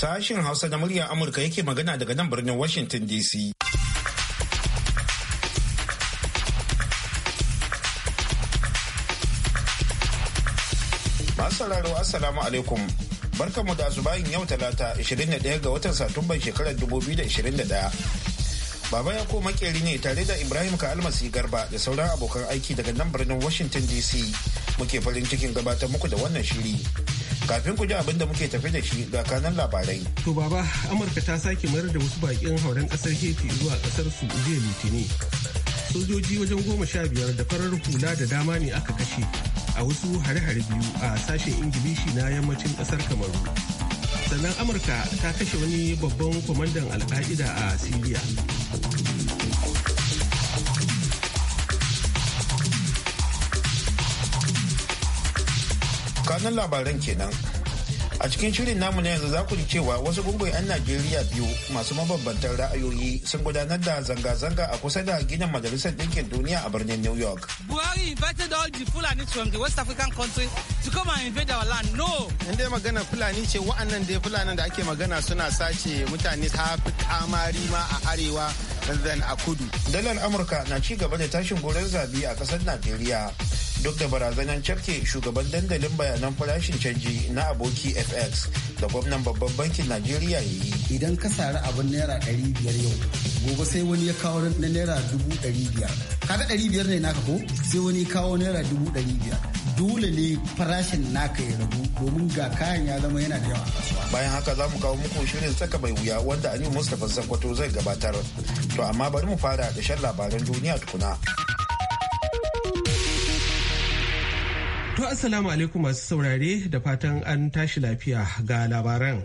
Sashin Hausa na muryar Amurka yake magana daga nan birnin Washington DC. sauraro Assalamu alaikum. Barkanmu da zubayin yau talata 21 ga watan Satumban shekarar 2021. Baba ya ko makeri ne tare da Ibrahim ka almasi garba da sauran abokan aiki daga nan birnin Washington DC muke farin cikin gabatar muku da wannan shiri. Kafin ku ji abin da muke tafi da shi ga kanan labarai. To baba, Amurka ta sake mayar da wasu bakin hauren kasar Haiti zuwa kasar su jiya Litinin. Sojoji wajen goma sha biyar da farar hula da dama ne aka kashe a wasu hare-hare biyu a sashen Ingilishi na yammacin kasar Kamaru. Sannan Amurka ta kashe wani babban kwamandan al'a'ida a Siriya. kanan labaran kenan a cikin shirin namu na yanzu za ku ji cewa wasu gungun 'yan najeriya biyu masu mabambantan ra'ayoyi sun gudanar da zanga-zanga a kusa da ginin majalisar ɗinkin duniya a birnin new york buhari invited all the fulani from the west african country to come and invade our land no in dai magana fulani ce wa'annan dai fulani da ake magana suna sace mutane ta fi kamari ma a arewa a kudu dalar amurka na ci gaba da tashin gurin zabi a kasar najeriya duk da barazanar cafke shugaban dandalin bayanan farashin canji na aboki fx da gwamnan babban bankin najeriya ya yi idan ka sari abin naira ɗari biyar yau gobe sai wani ya kawo na naira dubu ɗari biyar ɗari biyar ne naka ko sai wani ya kawo naira dubu ɗari biyar dole ne farashin naka ya ragu domin ga kayan ya zama yana da yawa bayan haka za mu kawo muku shirin saka mai wuya wanda aliyu mustapha sakwato zai gabatar to amma bari mu fara da shan labaran duniya tukuna To Assalamu alaikum masu saurare da fatan an tashi lafiya ga labaran.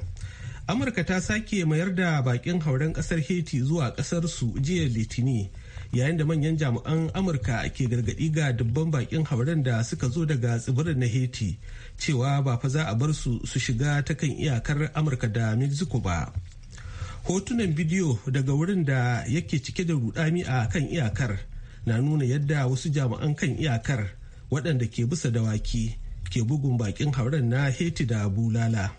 Amurka ta sake mayar da bakin hauren kasar Haiti zuwa kasar su jiya Litini yayin da manyan jami'an Amurka ke gargadi ga dubban bakin hauren da suka zo daga tsibirin na Haiti cewa ba fa za a bar su su shiga ta kan iyakar Amurka da Mexico ba. hotunan bidiyo daga wurin da yake cike da rudami a kan iyakar na nuna yadda wasu jami'an kan iyakar waɗanda ke bisa dawaki ke bugun bakin hauren na heti da Bulala.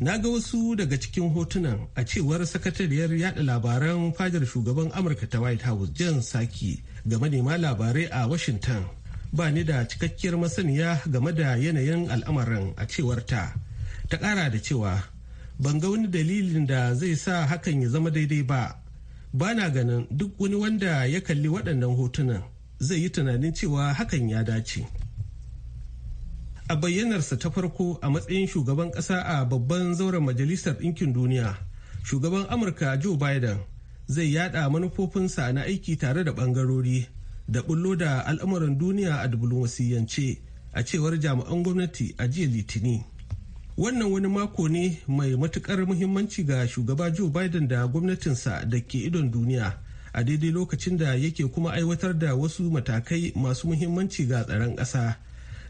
Na ga wasu daga cikin hotunan a cewar sakatariyar yada labaran fadar shugaban Amurka ta White House Jan Saki ga manema labarai a Washington. Ba ni da cikakkiyar masaniya game da yanayin al'amarin a cewar ta. Ta ƙara da cewa, ban ga wani dalilin da zai sa hakan ya zama daidai ba. Ba na ganin duk wani wanda ya kalli waɗannan hotunan. zai yi tunanin cewa hakan ya dace. A bayyanarsa ta farko a matsayin shugaban ƙasa a babban zauren Majalisar Ɗinkin Duniya, shugaban Amurka Joe Biden zai yada manufofinsa na aiki tare da ɓangarori da bullo da al'amuran duniya a diflomasiyyance a cewar jami'an gwamnati a jiya Litini. Wannan wani mako ne mai matukar muhimmanci ga shugaba Joe Biden da gwamnatinsa da ke idon duniya. a daidai lokacin da yake kuma aiwatar da wasu matakai masu muhimmanci ga tsaron ƙasa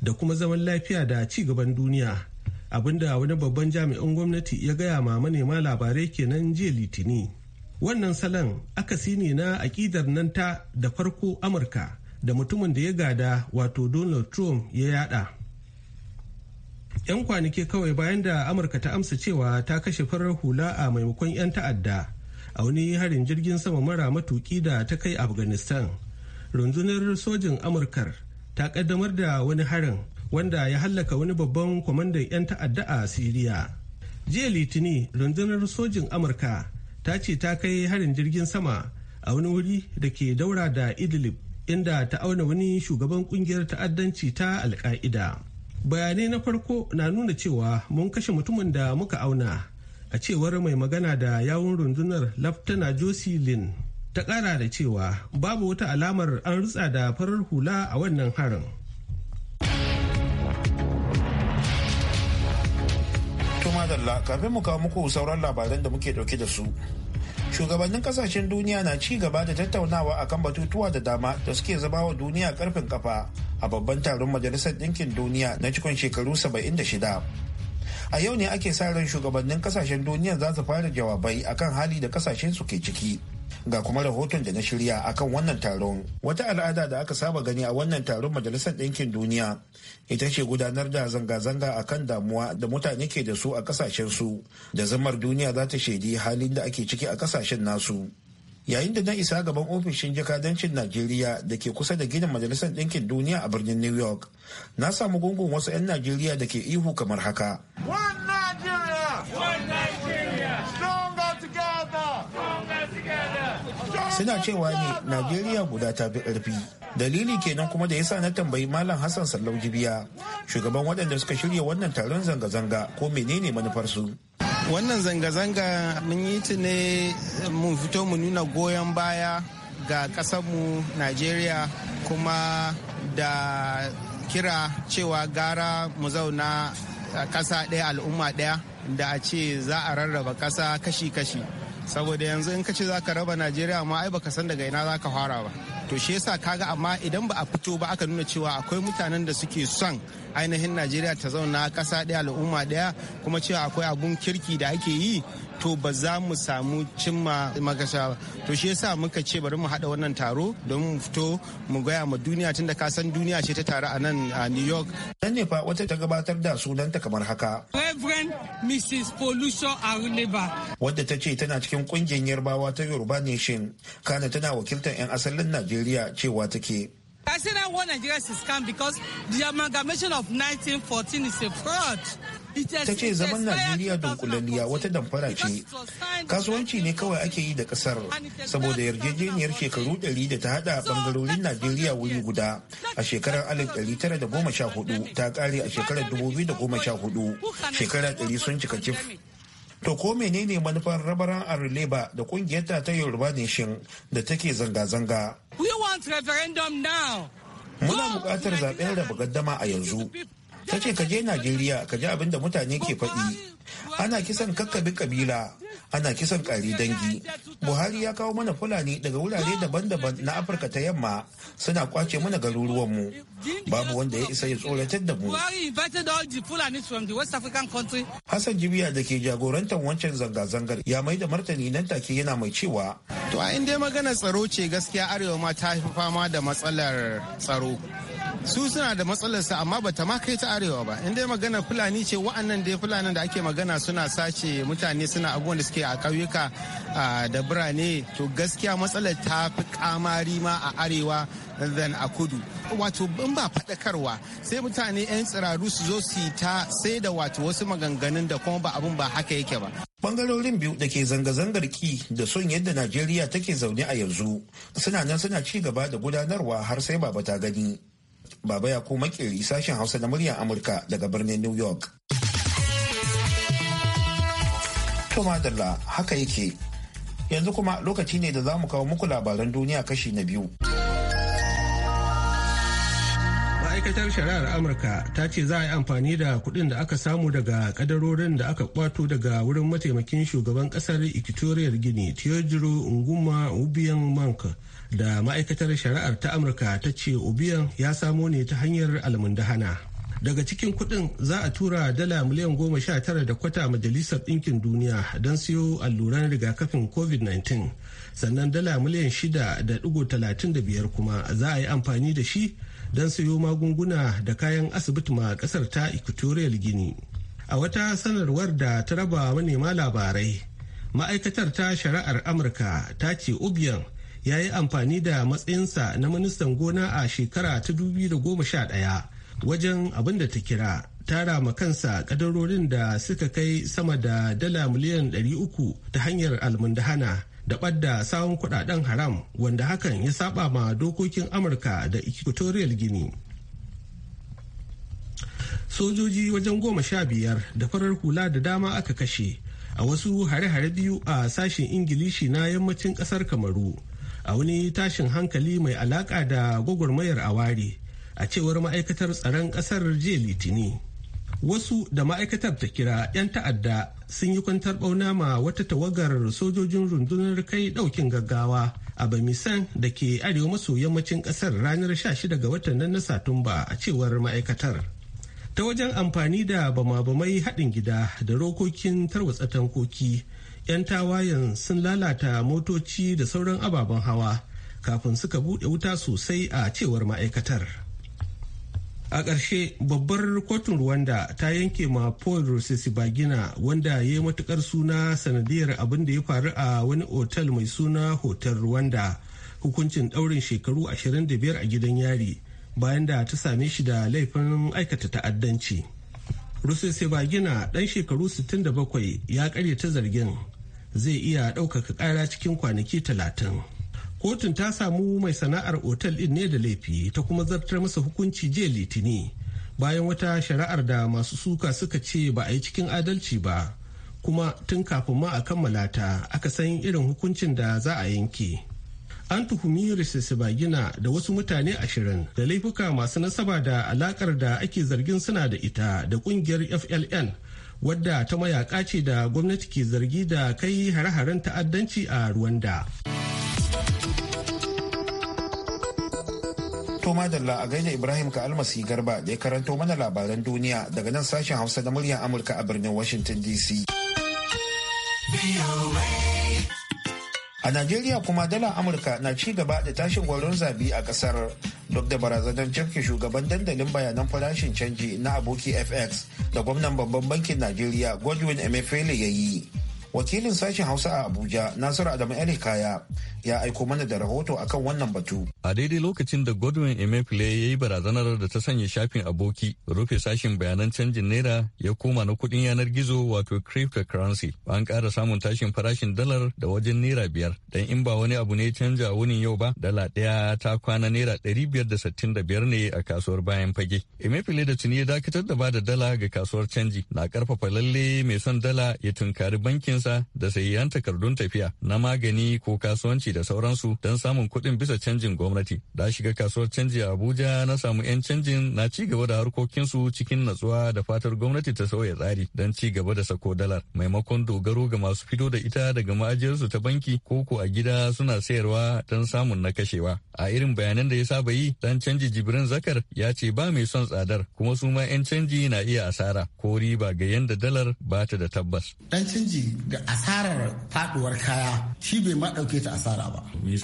da kuma zaman lafiya da ci gaban duniya abinda wani babban jami'in gwamnati ya gaya ma manema labarai kenan jiya litini wannan salon akasi ne na akidar nan ta da farko amurka da mutumin da ya gada wato donald trump ya yada yan kwanaki kawai bayan da amurka ta amsa cewa ta kashe farar hula a maimakon 'yan ta'adda a wani harin jirgin sama mara matuki da ta kai afghanistan rundunar sojin amurkar ta kaddamar da wani harin wanda ya hallaka wani babban kwamandan 'yan ta'adda a siriya jiya litini rundunar sojin amurka ta ce ta kai harin jirgin sama a wani wuri da ke daura da idlib inda ta auna wani shugaban kungiyar ta'addanci ta alka'ida bayanai na farko na nuna cewa mun kashe mutumin da muka auna a cewar mai magana da yawun rundunar laftana jocelyn ta kara da cewa babu wata alamar an rutsa da farar hula a wannan harin madalla kafin mu kawo muku sauran labaran da muke dauke da su shugabannin kasashen duniya na ci gaba da tattaunawa a kan batutuwa da dama da suke zama wa duniya karfin kafa a babban taron majalisar ɗinkin duniya na cikin shekaru 76 a yau ne ake sa ran shugabannin kasashen duniya za su fara jawabai akan hali da kasashen su ke ciki ga kuma rahoton da na shirya akan wannan taron wata al'ada da aka saba gani a wannan taron majalisar ɗinkin duniya ita ce gudanar da zanga-zanga akan damuwa da mutane ke da su a kasashen su da zamar duniya za ta shaidi halin da ake ciki a kasashen nasu yayin da na isa gaban ofishin jakadancin najeriya da ke kusa da gidan majalisar ɗinkin duniya a birnin new york na samu gungun wasu 'yan najeriya da ke ihu kamar haka suna cewa ne najeriya guda ta fi ƙarfi dalili kenan kuma da yasa na tambayi malam hassan sallau jibiya shugaban waɗanda suka shirya wannan taron zanga-zanga ko menene manufarsu wannan zanga-zanga mun yi ta ne mun fito mu nuna goyon baya ga mu nigeria kuma da kira cewa gara mu zauna ƙasa ɗaya al'umma ɗaya da a ce za a rarraba ƙasa kashi-kashi saboda yanzu in ka ce zaka raba najeriya amma ai baka san daga ina za ka fara ba to shi yasa kaga amma idan ba a fito ba aka nuna cewa akwai mutanen da suke son ainihin najeriya ta zauna kasa ɗaya al'umma ɗaya kuma cewa akwai abun kirki da ake yi to ba za mu samu cimma magasa ba to shi yasa muka ce bari mu haɗa wannan taro don mu fito mu gaya ma duniya tunda ka san duniya ce ta taru a nan a new york nan ne fa wata ta gabatar da sunanta kamar haka reverend mrs poluso arleba wadda ta ce tana cikin kungiyar yarbawa ta yoruba nation kana tana wakiltar 'yan asalin najeriya cewa take I say that one Nigeria is scam because the amalgamation of 1914 is a fraud. ta ce zaman najeriya dunkulaliya wata damfara ce kasuwanci ne kawai ake yi da kasar saboda yarjejeniyar shekaru 100 da ta hada bangarorin najeriya wuri guda a shekarar 1914 ta kare a shekarar 2014 shekarar 100 sun cika cif to ko menene manufar rabaran arleba da kungiyarta ta yoruba nation da take zanga-zanga muna buƙatar zaɓen raba gaddama a yanzu ta ce ka je najeriya ka ji abin da mutane ke faɗi ana kisan kakkabi kabila ana kisan ƙari dangi buhari ya kawo mana fulani daga wurare daban-daban na afirka ta yamma suna kwace mana garuruwanmu babu wanda ya isa ya tsoratar da mu hassan jibiya da ke jagorantar wancan zanga-zangar ya mai da martani nan take yana mai cewa to a inda magana tsaro ce gaskiya arewa ma ta fi fama da matsalar tsaro su suna da matsalarsa amma ba ta ma kai ta arewa ba inda magana fulani ce wa'annan dai fulanin da ake magana suna sace mutane suna abubuwan da suke a ƙauyuka da birane to gaskiya matsalar ta fi kamari ma a arewa than a kudu wato in ba faɗakarwa sai mutane 'yan tsiraru su zo su ta sai da wato wasu maganganun da kuma ba abun ba haka yake ba bangarorin biyu da ke zanga-zangar ki da son yadda najeriya take zaune a yanzu suna nan suna ci gaba da gudanarwa har sai baba ta gani Baba ya Yakubu Makeri sashen Hausa na muryar Amurka daga birnin New York. To madalla haka yake. Yanzu kuma lokaci ne da za mu kawo muku labaran duniya kashi na biyu. ma'aikatar shari'ar amurka ta ce za a yi amfani da kuɗin da aka samu daga kadarorin da aka kwato daga wurin mataimakin shugaban ƙasar equatorial gini teodoro nguma ubiyan mank da ma'aikatar shari'ar ta amurka ta ce ubiyan ya samo ne ta hanyar almundahana daga cikin kuɗin za a tura dala miliyan goma sha tara da kwata majalisar ɗinkin duniya don siyo alluran rigakafin covid-19 sannan dala miliyan shida da ɗigo talatin da biyar kuma za a yi amfani da shi don sayo magunguna da kayan asibiti ma kasar ta equatorial gini. a wata sanarwar da ta raba manema labarai ma'aikatar ta shari'ar amurka ta ce ubiyan ya yi amfani da matsayinsa na ministan gona a shekara ta 2011 wajen abin da ta kira tara ma kansa kadarorin da suka kai sama da dala miliyan 300 ta hanyar almundahana da ɓadda sawun kuɗaɗen haram wanda hakan ya saba ma dokokin amurka da equatorial gini. sojoji wajen goma sha biyar da farar hula da dama aka kashe a wasu hare-hare biyu a sashen ingilishi na yammacin kasar kamaru a wani tashin hankali mai alaka da gwagwarmayar awari a cewar ma'aikatar tsaron kasar jiya litini wasu da ma'aikatar ta kira 'yan ta'adda sun yi kwantar bauna ma wata tawagar sojojin rundunar kai daukin gaggawa a bamisan da ke arewa maso yammacin kasar ranar 16 ga watan nan na satumba a cewar ma'aikatar ta wajen amfani da bama-bamai haɗin gida da rokokin tarwatsa tankoki 'yan tawayen sun lalata motoci da sauran ababen hawa kafin suka buɗe wuta sosai a cewar ma'aikatar. a ƙarshe babbar kotun rwanda ta yanke ma paul rusesibagina wanda ya yi matukar suna sanadiyar abin da ya faru a wani otal mai suna hotel rwanda hukuncin ɗaurin shekaru 25 a gidan yari bayan da ta same shi da laifin aikata ta'addanci rusesibagina ɗan shekaru 67 ya ta zargin zai iya ɗaukaka ƙara cikin kwanaki talatin. kotun ta samu mai sana'ar otal din ne da laifi ta kuma zartar masa hukunci jiya litini bayan wata shari'ar da masu suka suka ce ba a yi cikin adalci ba kuma tun kafin ma a kammala ta aka san irin hukuncin da za a yanke an tuhumi risisibagina da wasu mutane ashirin da laifuka masu nasaba da alakar da ake zargin suna da ita da kungiyar fln wadda ta mayaka ce da gwamnati ke zargi da kai hare-haren ta'addanci a rwanda. To madalla a gaida Ibrahim ka almasi garba da ya karanto mana labaran duniya daga nan sashen Hausa da muryar Amurka a birnin Washington DC. A Najeriya kuma dala Amurka na ci gaba da tashin gwaron zabi a kasar duk da barazanar canke shugaban dandalin bayanan farashin canji na aboki FX da gwamnan babban bankin Najeriya Godwin Emefiele ya yi. wakilin sashen hausa a abuja nasiru adamu ali kaya ya aiko mana da rahoto akan wannan batu a daidai lokacin da godwin emefile ya yi barazanar da ta sanya shafin aboki rufe sashin bayanan canjin naira ya koma na kuɗin yanar gizo wato cryptocurrency an kara samun tashin farashin dalar da wajen naira biyar dan in ba wani abu ne canja wani yau ba dala ɗaya ta kwana naira ɗari biyar da sittin da biyar ne a kasuwar bayan fage emefile da tuni ya dakatar da ba da dala ga kasuwar canji na karfafa lalle mai son dala ya tunkari bankin kuɗinsa da sayayyan takardun tafiya na magani ko kasuwanci da sauransu don samun kuɗin bisa canjin gwamnati. Da shiga kasuwar canji a Abuja na samu 'yan canjin na ci gaba da harkokinsu cikin natsuwa da fatar gwamnati ta sauya tsari don ci gaba da sako dalar maimakon dogaro ga masu fito da ita daga ma'ajiyarsu ta banki ko ko a gida suna sayarwa don samun na kashewa. a irin bayanan da ya saba yi dan canji jibrin zakar ya ce ba mai son tsadar kuma su ma 'yan canji na iya asara ko riba ga yanda dalar ba ta da tabbas dan canji ga asarar faduwar kaya shi bai ma dauke ta asara ba me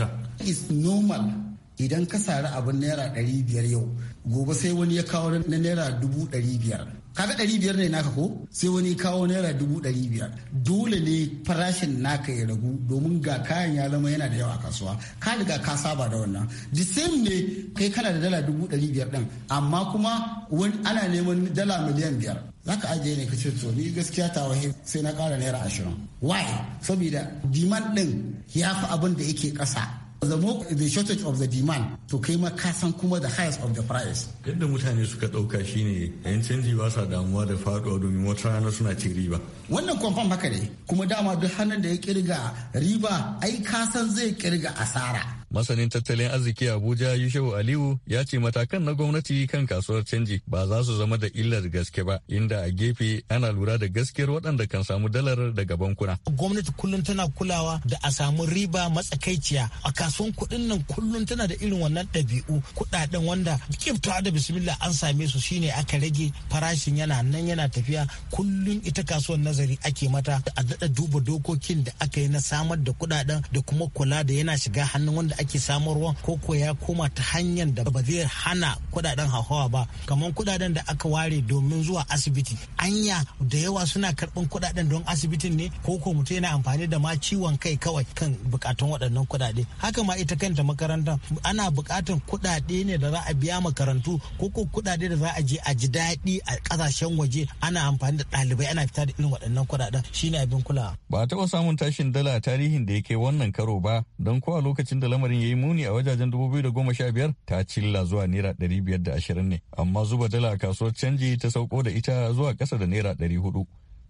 is normal idan ka sari abin naira 500 yau gobe sai wani ya kawo na naira 500 kaga ɗari biyar ne naka ko sai wani kawo naira dubu ɗari biyar dole ne farashin naka ya ragu domin ga kayan ya zama yana da yawa a kasuwa ka riga ka saba da wannan the same ne kai kana da dala dubu ɗari biyar ɗin amma kuma wani ana neman dala miliyan biyar za ka ajiye ne ka ce to ni gaskiya ta wahi sai na ƙara naira ashirin why saboda demand ɗin ya fi abin da yake ƙasa the more the shortage of the demand to kai ma ka san kuma the highest of the price yadda mutane suka dauka shine yan canji ba sa damuwa da faduwa domin wata rana suna cin riba wannan confirm haka ne kuma dama duk hannun da ya kirga riba ai ka san zai kirga asara Masanin tattalin arziki Abuja Yushewu Aliyu ya ce matakan na gwamnati kan kasuwar canji ba za su zama da illar gaske ba inda a gefe ana lura da gaskiyar waɗanda kan samu dalar daga bankuna. Gwamnati kullum tana kulawa da a samu riba matsakaiciya a kasuwan kuɗin nan kullum tana da irin wannan ɗabi'u kuɗaɗen wanda kiftawa da bismillah an same su shine aka rage farashin yana nan yana tafiya kullum ita kasuwar nazari ake mata a daɗa duba dokokin da aka yi na samar da kuɗaɗen da kuma kula da yana shiga hannun wanda ake samarwa ko ko ya koma ta hanyar da ba zai hana kudaden hauhawa ba kamar kudaden da aka ware domin zuwa asibiti anya da yawa suna karɓan kudaden don asibitin ne ko ko mutum yana amfani da ma ciwon kai kawai kan bukatun waɗannan kudade haka ma ita kanta makaranta ana bukatan kudade ne da za a biya makarantu ko ko kudade da za a je a ji daɗi a ƙasashen waje ana amfani da ɗalibai ana fita da irin waɗannan kudaden shine abin kulawa ba a taɓa samun tashin dala tarihin da ya kai wannan karo ba don kowa lokacin da lamarin lamarin ya yi muni a wajajen 2015 ta cilla zuwa naira 520 ne amma zuba dala a kasuwar canji ta sauko da ita zuwa kasa da naira 400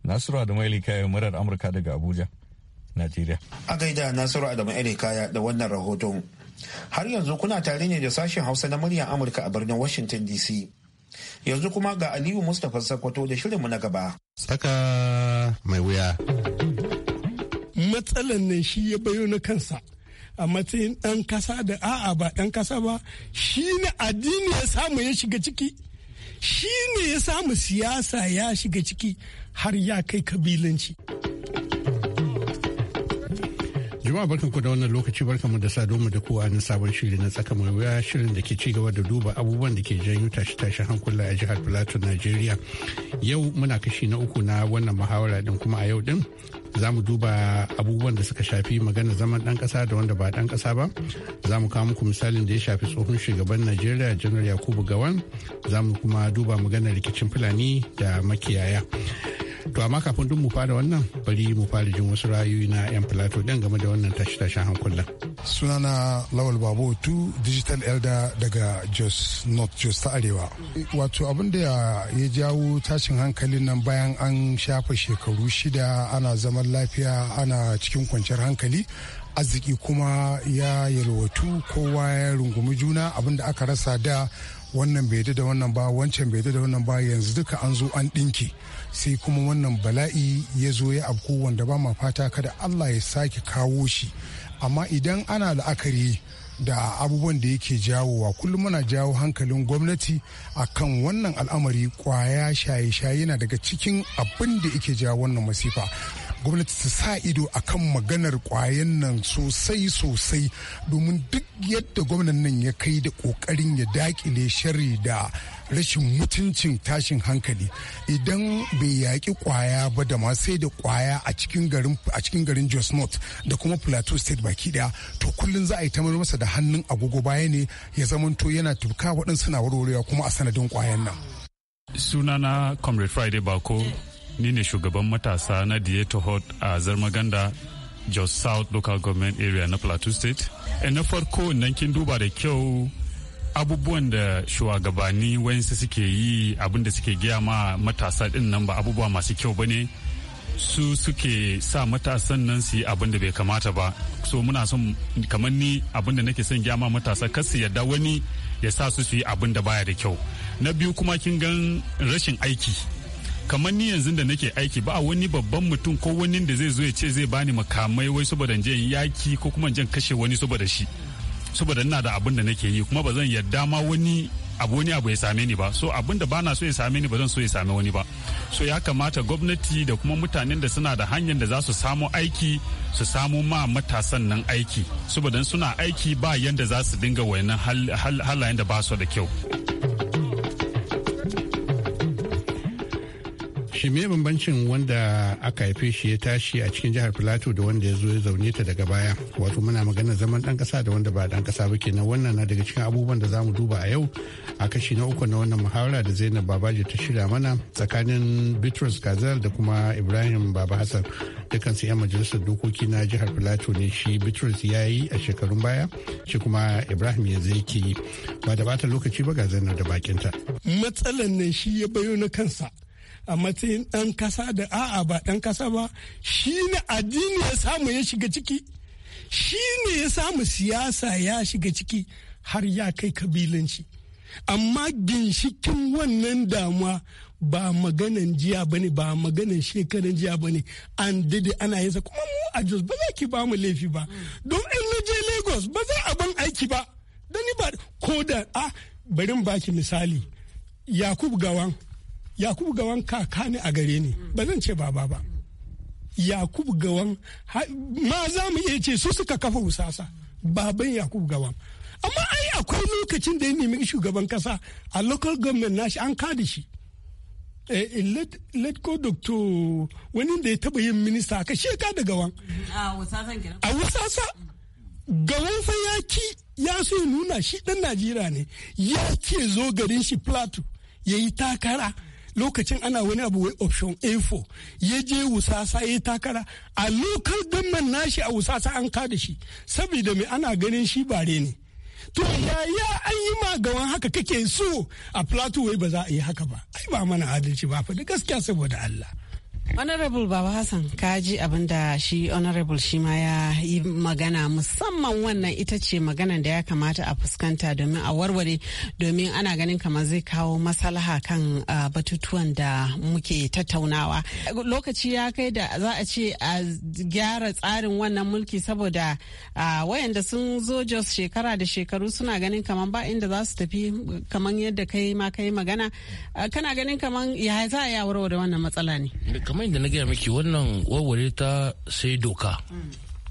nasiru maili kayan murar amurka daga abuja najeriya a gaida nasiru maili kaya da wannan rahoton har yanzu kuna tare ne da sashen hausa na muryar amurka a birnin washington dc yanzu kuma ga aliyu mustapha sakwato da shirin mu na gaba saka mai wuya matsalan nan shi ya bayo na kansa a matsayin ɗan kasa da a'a ba ɗan kasa ba shi ne addini ya samu ya shiga ciki shi ne ya samu siyasa ya shiga ciki har ya kai kabilanci. jama'a barkan ku da wannan lokaci barkan mu da sado mu da kowa na sabon shiri na tsaka mai wuya shirin da ke ci gaba da duba abubuwan da ke janyo tashi tashi hankula a jihar Plateau nigeria Yau muna kashi na uku na wannan muhawara din kuma a yau din za mu duba abubuwan da suka shafi magana zaman dan kasa da wanda ba dan kasa ba za mu kawo muku misalin da ya shafi tsohon shugaban nigeria janar yakubu gawan za mu kuma duba magana rikicin fulani da makiyaya to amma kafin duk mu fara wannan bari mu fara jin wasu ra'ayoyi na yan plato dan game da wannan tashi tashin hankulan sunana lawal babo tu digital elder daga jos north jos ta arewa wato abin da ya jawo tashin hankalin nan bayan an shafa shekaru shida ana zaman lafiya ana cikin kwanciyar hankali arziki kuma ya yalwatu kowa ya rungumi juna abinda aka rasa da wannan bai da wannan ba wancan bai da wannan ba yanzu duka an zo an ɗinki sai kuma wannan bala'i ya zo ya abko wanda ba ma fata kada allah ya sake kawo shi amma idan ana la'akari da abubuwan da yake jawowa kullum muna jawo hankalin gwamnati a kan wannan al'amari kwaya shaye-shaye yana daga cikin abin da yake jawo wannan masifa gwamnati ta sa ido a kan maganar kwayan nan sosai sosai domin duk yadda gwamnan nan ya kai da kokarin ya dakile shari da rashin mutuncin tashin hankali idan bai yaƙi kwaya ba da ma sai da kwaya a cikin garin Jos North da kuma Plateau State baki daya to kullum za a yi tamar masa da hannun agogo baya ne ya zamanto yana tuka waɗansu na warwarewa kuma a sanadin kwayan nan sunana Comrade Friday Bako ni ne shugaban matasa na Dieto Hot a Zarmaganda Jos South Local Government Area na Plateau State. E na farko nan kin duba da kyau abubuwan da shugabanni wayansu suke yi abin da suke giya ma matasa din nan ba abubuwa masu kyau ba ne su suke sa matasan nan su yi abin da bai kamata ba so muna son kamar ni abin da nake son gyama matasa kar su yadda wani ya sa su su yi abin da baya da kyau na biyu kuma kin gan rashin aiki kamar ni yanzu da nake aiki ba wani babban mutum ko wani da zai zo ya ce zai bani makamai wai saboda je yaki ko kuma jan kashe wani saboda shi saboda ina da abin da nake yi kuma ba zan yarda ma wani abu wani abu ya same ni ba so abin da bana so ya same ni ba zan so ya same wani ba so ya kamata gwamnati da kuma mutanen da suna da hanyar da za su samu aiki su samu ma matasan nan aiki saboda suna aiki ba yanda za su dinga wayannan halayen da ba su da kyau. shi me bambancin wanda aka haife shi ya tashi a cikin jihar Filato da wanda ya zo ya zaune ta daga baya wato muna magana zaman dan kasa da wanda ba dan kasa ba kenan wannan na daga cikin abubuwan da zamu duba a yau a kashi na uku na wannan muhawara da Zainab Babaji ta shirya mana tsakanin Bitrus Gazal da kuma Ibrahim Baba Hassan dukkan su yan majalisar dokoki na jihar Filato ne shi Bitrus ya yi a shekarun baya shi kuma Ibrahim yanzu yake yi ba da bata lokaci ba ga Zainab da bakinta matsalan nan shi ya bayo na kansa a matsayin ɗan kasa da a'a ba ɗan kasa ba shi ne addini ya samu ya shiga ciki shi ne ya samu siyasa ya shiga ciki har ya kai kabilanci amma ginshikin wannan damuwa ba maganan jiya ba ba maganan shekaran jiya ba ne an dade ana yinsa kuma mu a jos ba za ki ba mu laifi ba don in na je lagos ba za a ban aiki ba don ni ba ko da a barin baki misali yakub gawan yakubu gawan kaka ne a gare ni ba zan ce baba ba yakubu gawan ma za mu iya ce su suka kafa usasa baban yakubu gawan amma ai akwai lokacin da ya nemi shugaban kasa a local government nashi an kada shi eh, let, go doctor wani da ya taba yin minista ka sheka da gawan a wasasa gawan fa ya ki ya so nuna shi dan najeriya ne ya ke zo garin shi plateau ya yi takara lokacin ana wani abu wai option A4 ya je wusasa ya takara a local government nashi a wusasa an da shi saboda mai ana ganin shi bare ne to yaya an yi magawan haka kake so a plateau wai ba za a yi haka ba ai ba mana adalci ba fa da gaskiya saboda Allah honorable baba hassan ka ji abin da shi honorable shi ma ya yi magana musamman wannan ita ce maganan da ya kamata a fuskanta domin a warware domin ana ganin kamar zai kawo masalaha kan uh, batutuwan da muke tattaunawa lokaci ya kai da za a ce a gyara tsarin wannan mulki saboda uh, wayanda sun zo jos shekara da shekaru suna ganin kamar ba inda za su tafi kamar yadda kai ma kai magana uh, kana ganin kamar ya za a warware wannan matsala ne kamar yadda na gaya miki wannan warware ta sai doka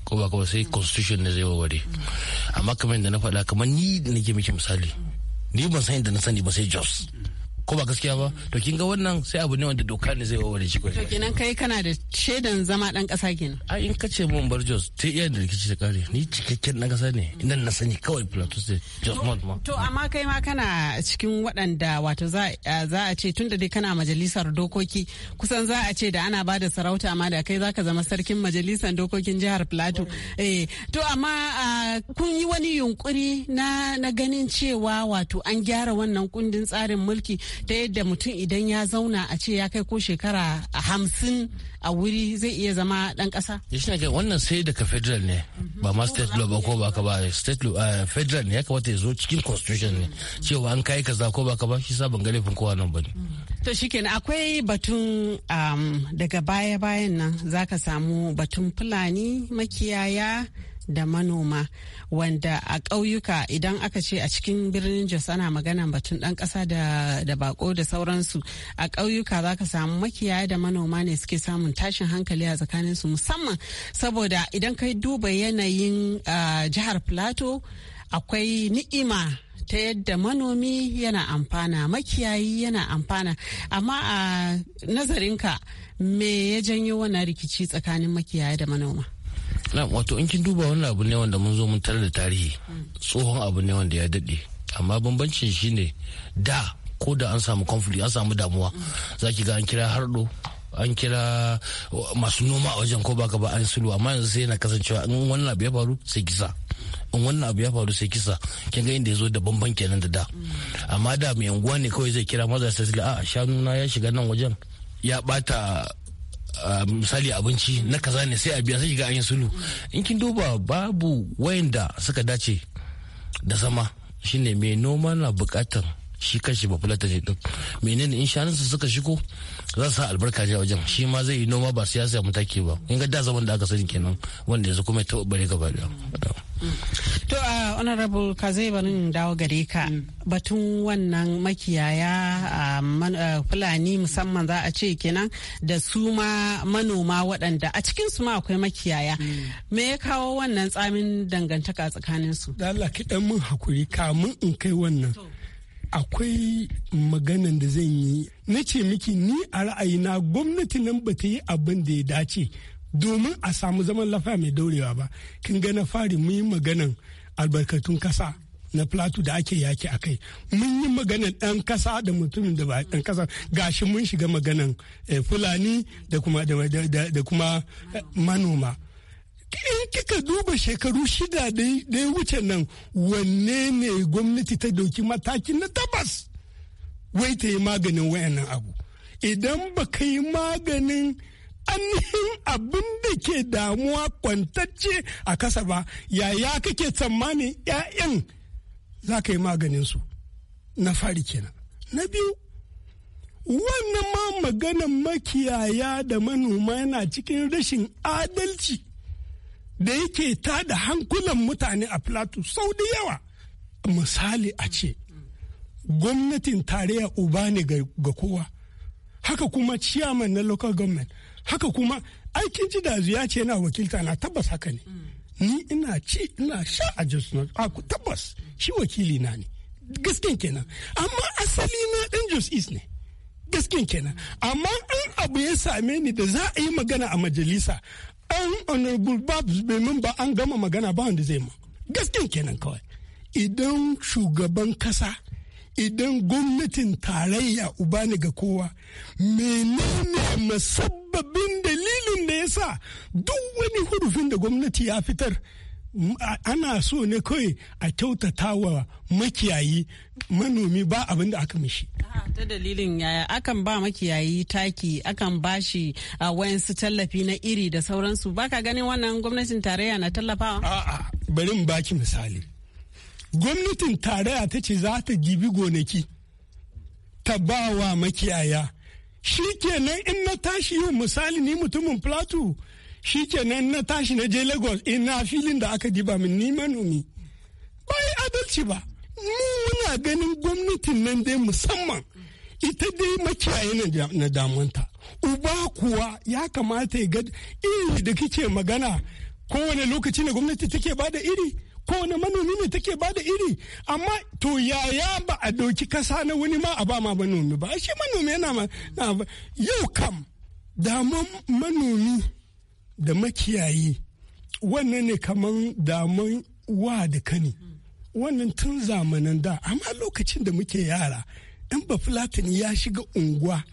ko ba kawai sai constitution ne zai warware amma kamar yadda na faɗa kamar ni da gaya miki misali ni ban san yadda na sani ba sai jos ko ba gaskiya ba to kin ga wannan sai abu ne wanda doka ne zai warware shi to kenan kai kana da shaidan zama dan kasa kenan a in kace mun bar Jos ta iya da rikici ta kare ni cikakken dan kasa ne idan na sani kawai Plateau State Jos Mount ma to amma kai ma kana cikin waɗanda wato eh, za a ce tunda dai kana majalisar dokoki kusan za a ce da ana bada sarauta ma da kai zaka zama sarkin majalisar dokokin jihar Plateau eh to amma eh, kun yi wani yunkuri na ganin cewa wato an gyara wannan kundin tsarin mulki ta yadda mutum idan ya zauna a ce ya kai ko shekara hamsin a wuri zai iya zama dan kasa ya shi wannan sai daga federal ne ba ma state law ba ko ba ka ba state law eh, federal ne ya kamata ya zo cikin constitution ne cewa an kai kaza ko ba ka ba shi sa galifin kowa nan ba ne to shikenan akwai batun um, daga baya bayan nan zaka samu batun fulani makiyaya da manoma wanda a ƙauyuka idan aka ce a cikin birnin jos ana magana batun ɗan ƙasa da, da bako da sauransu a ƙauyuka za ka samu makiyaya da manoma ne suke samun tashin hankali a tsakaninsu musamman saboda idan ka duba yanayin jihar plateau akwai ni'ima ta yadda manomi yana amfana makiyayi yana amfana amma a nazarinka me ya janyo wannan rikici tsakanin makiyaya da manoma na wato in kin duba wannan abu ne wanda mun zo mun tarar da tarihi tsohon abu ne wanda ya daɗe amma bambancin shine da ko da an samu conflict an samu damuwa za ki ga an kira harɗo an kira masu noma a wajen ko baka ba an sulu amma yanzu sai yana kasancewa in wannan abu ya faru sai kisa in wannan abu ya faru sai kisa kin ga inda ya zo da bamban kenan da da amma da mai unguwa ne kawai zai kira maza sai a shanu na ya shiga nan wajen ya bata misali abinci na kaza ne sai a biya sai shiga an yi sulu in kin duba babu wayanda suka dace da zama shine mai noma na bukatar shi kanshi ba fulata ne din menene in su suka shigo za su sa albarka ne wajen shi ma zai yi noma ba siyasa mutaki ba in ga da zaman da aka sani kenan wanda yanzu kuma ya taɓa bare gaba da To a uh, honorable Kazai barin dawo gare ka mm. batun wannan makiyaya uh, a uh, Fulani musamman za a ce kenan da su ma manoma waɗanda a cikin su ma akwai makiyaya. Mm. Me ya kawo wannan tsamin dangantaka tsakanin su? Da Allah ki dan mun hakuri kamun in kai wannan. Akwai maganan da zan yi na ce miki ni a ra'ayina gwamnati nan ba ta yi abin da ya dace domin a samu zaman lafiya mai daurewa ba kin gana fari mun yi maganan albarkatun kasa na plato da ake yaki a kai mun yi maganan ɗan kasa da mutumin da ba ɗan kasa gashi mun shiga maganan eh, fulani da kuma da kuma eh, manoma in kika duba shekaru shida da ya wuce nan wanne ne gwamnati ta doki mataki na tabbas wai ta yi maganin wayannan abu idan ba ka yi maganin ainihin abin da ke damuwa kwantacce a kasa ba yaya kake tsammanin 'ya'yan za ka yi maganinsu na fari kenan na biyu wannan ma maganan makiyaya da manoma yana cikin rashin adalci da yake ta da hankulan mutane a plateau sau da yawa misali a ce gwamnatin tarayya uba ne ga kowa haka kuma ciyaman na local government haka kuma aikin ji da ya ce na wakilta na tabbas haka ne ni ina ci ina sha a jos tabbas shi wakili na ne gasken kenan amma asali na dan jos is ne gasken kenan amma an abu ya same ni da za a yi magana a majalisa an honorable babs bai ba an gama magana ba wanda zai ma gasken kenan kawai idan shugaban kasa idan gwamnatin tarayya uba ne ga kowa menene musabbabin dalilin da ya sa duk wani hurufin da gwamnati ya fitar ana so ne kawai a kyautata wa makiyayi manomi ba abin da aka mishi. Ah, ta dalilin yaya akan ba makiyayi taki akan bashi a ah, wayansu tallafi na iri da sauransu baka ganin wannan gwamnatin tarayya na tallafawa? a'a bari in baki misali gwamnatin tarayya ta ce za ta gibi gonaki ta ba wa makiyaya shi kenan in na tashi yau misali ni mutumin plateau shi nan na tashi na je lagos na filin da aka diba min ni manomi ba yi adalci ba mu muna ganin gwamnatin nan dai musamman ita dai makiyaya na damanta uba kuwa ya kamata ya ga iri da kike magana kowane lokaci na gwamnati take bada iri kowane manomi ne take ba da iri amma to yaya ba a ɗauki kasa na wani ma a ba ma manomi ba shi manomi yana na yau kam daman manomi da makiyayi wannan ne kamar daman wa da kani wannan tun zamanin da amma lokacin da muke yara in ba fulatin ya shiga unguwa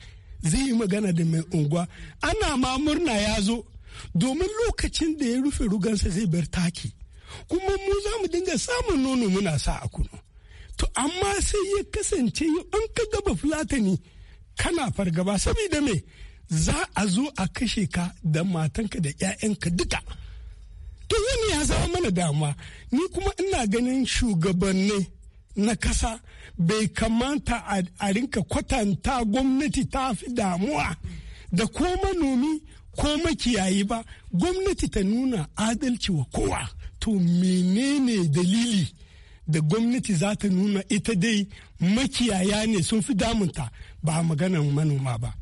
zai yi magana da mai unguwa ana ma murna ya zo domin lokacin da ya rufe rugansa zai bar taki kuma mu za mu dinga samun nono muna sa a kunu to amma sai ya kasance an ka gaba fulatani kana fargaba saboda me za a zo a kashe ka da matanka da 'ya'yanka duka to wani ya zama mana damuwa ni kuma ina ganin shugabanni na kasa bai kamata a rinka kwatanta gwamnati ta fi damuwa da ko manomi ko makiyayi ba gwamnati ta nuna adalci wa kowa to menene dalili da gwamnati za ta nuna ita dai makiyaya ne sun fi damunta ba maganan manoma ba.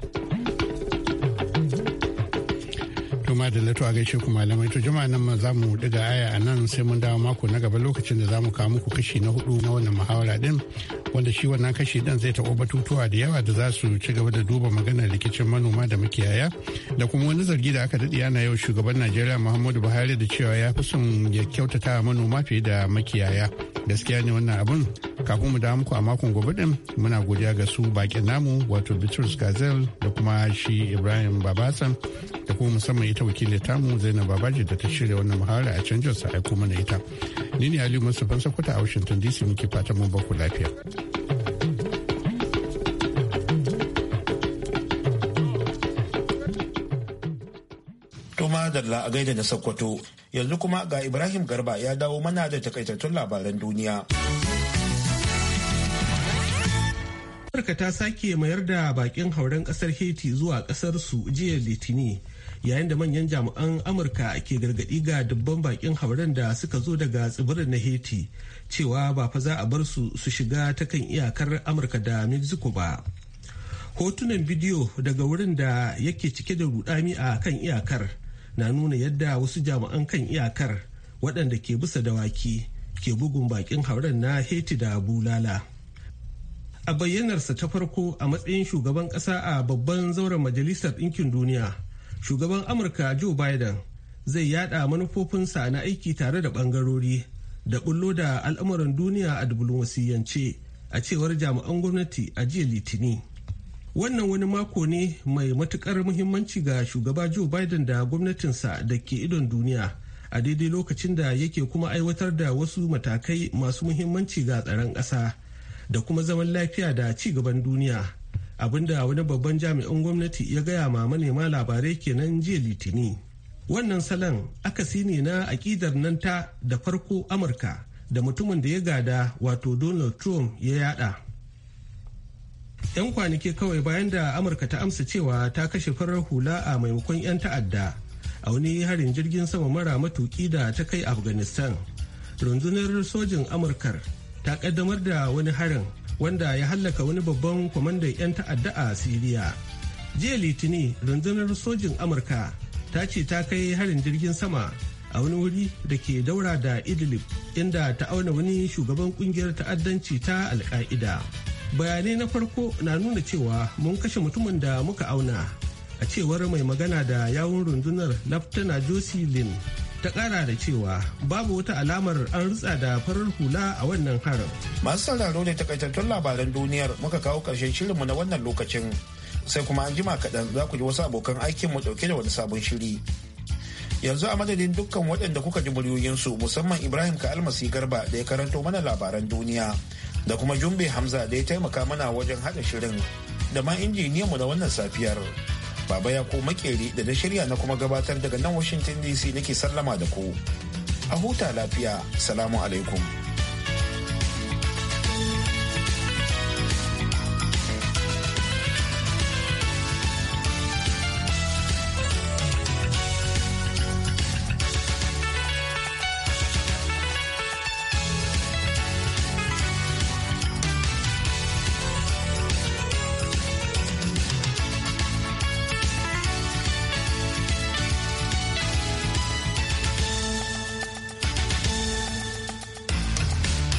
da to a gaishe ku malamai to jama'a nan ma za mu daga aya a nan sai mun dawo mako na gaba lokacin da za mu kawo muku kashi na hudu na wannan muhawara din wanda shi wannan kashi din zai taɓo batutuwa da yawa da za su ci gaba da duba maganar rikicin manoma da makiyaya da kuma wani zargi da aka daɗe ana yau shugaban Najeriya Muhammadu Buhari da cewa ya fi son ya kyautata manoma fiye da makiyaya gaskiya ne wannan abun kafin mu dawo muku a makon gobe din muna godiya ga su bakin namu wato Bitrus Gazel da kuma shi Ibrahim Babasan da kuma musamman ita ta mu zainab babaji da ta shirya wannan muhawara a canjin sa aiko mana ita ni ne aliyu mustapha sakwata a washington dc muke fatan mun baku lafiya Toma a gaida na Sokoto yanzu kuma ga Ibrahim Garba ya dawo mana da takaitattun labaran duniya. Amurka ta sake mayar da bakin hauren kasar Haiti zuwa kasar su jiya Litini yayin da manyan jami'an amurka ke gargadi ga dubban bakin hauren da suka zo daga tsibirin na haiti cewa ba fa za a bar su su shiga ta kan iyakar amurka da mexico ba hotunan bidiyo daga wurin da yake cike da rudami a kan iyakar na nuna yadda wasu jami'an kan iyakar waɗanda ke bisa dawaki ke bugun bakin hauren na haiti da bulala a bayyanarsa ta farko a matsayin shugaban ƙasa a babban zauren majalisar ɗinkin duniya shugaban amurka joe biden zai yada manufofinsa na aiki tare da bangarori da bullo da al'amuran duniya a diplomasiyance a cewar jami'an gwamnati a jiya litini wannan wani mako ne mai matukar muhimmanci ga shugaba joe biden da gwamnatinsa da ke idon duniya a daidai lokacin da yake kuma aiwatar da wasu matakai masu muhimmanci ga tsaron ƙasa da kuma zaman lafiya da ci gaban duniya abinda wani babban jami'in gwamnati ya gaya ma manema labarai kenan jiya litini wannan salon akasi ne na akidar nan ta da farko amurka da mutumin da ya gada wato donald trump ya yada yan kwanaki kawai bayan da amurka ta amsa cewa ta kashe farar hula a maimakon 'yan ta'adda a wani harin jirgin sama mara matuki da ta kai afghanistan rundunar sojin amurkar ta kaddamar da wani harin wanda ya hallaka wani babban kwamandan 'yan ta'adda a siriya jiya litinin rundunar sojin amurka ta ce ta kai harin jirgin sama a wani wuri da ke daura da idlib inda ta auna wani shugaban kungiyar ta'addanci ta alka'ida bayanai na farko na nuna cewa mun kashe mutumin da muka auna a cewar mai magana da yawun rundunar laftana jocelyn ta kara da cewa babu wata alamar an rutsa da farar hula a wannan harin. Masu sauraro da takaitattun labaran duniyar muka kawo ƙarshen shirinmu na wannan lokacin. Sai kuma an jima kaɗan za ku ji wasu abokan aikinmu ɗauke da wani sabon shiri. Yanzu a madadin dukkan waɗanda kuka ji muryoyinsu musamman Ibrahim ka almasi garba da ya karanto mana labaran duniya da kuma Jumbe Hamza da ya taimaka mana wajen haɗa shirin da ma injiniyanmu na wannan safiyar. Baba ya ko makeri da na shirya na kuma gabatar daga nan Washington DC nake sallama da ku. A huta lafiya, salamu alaikum.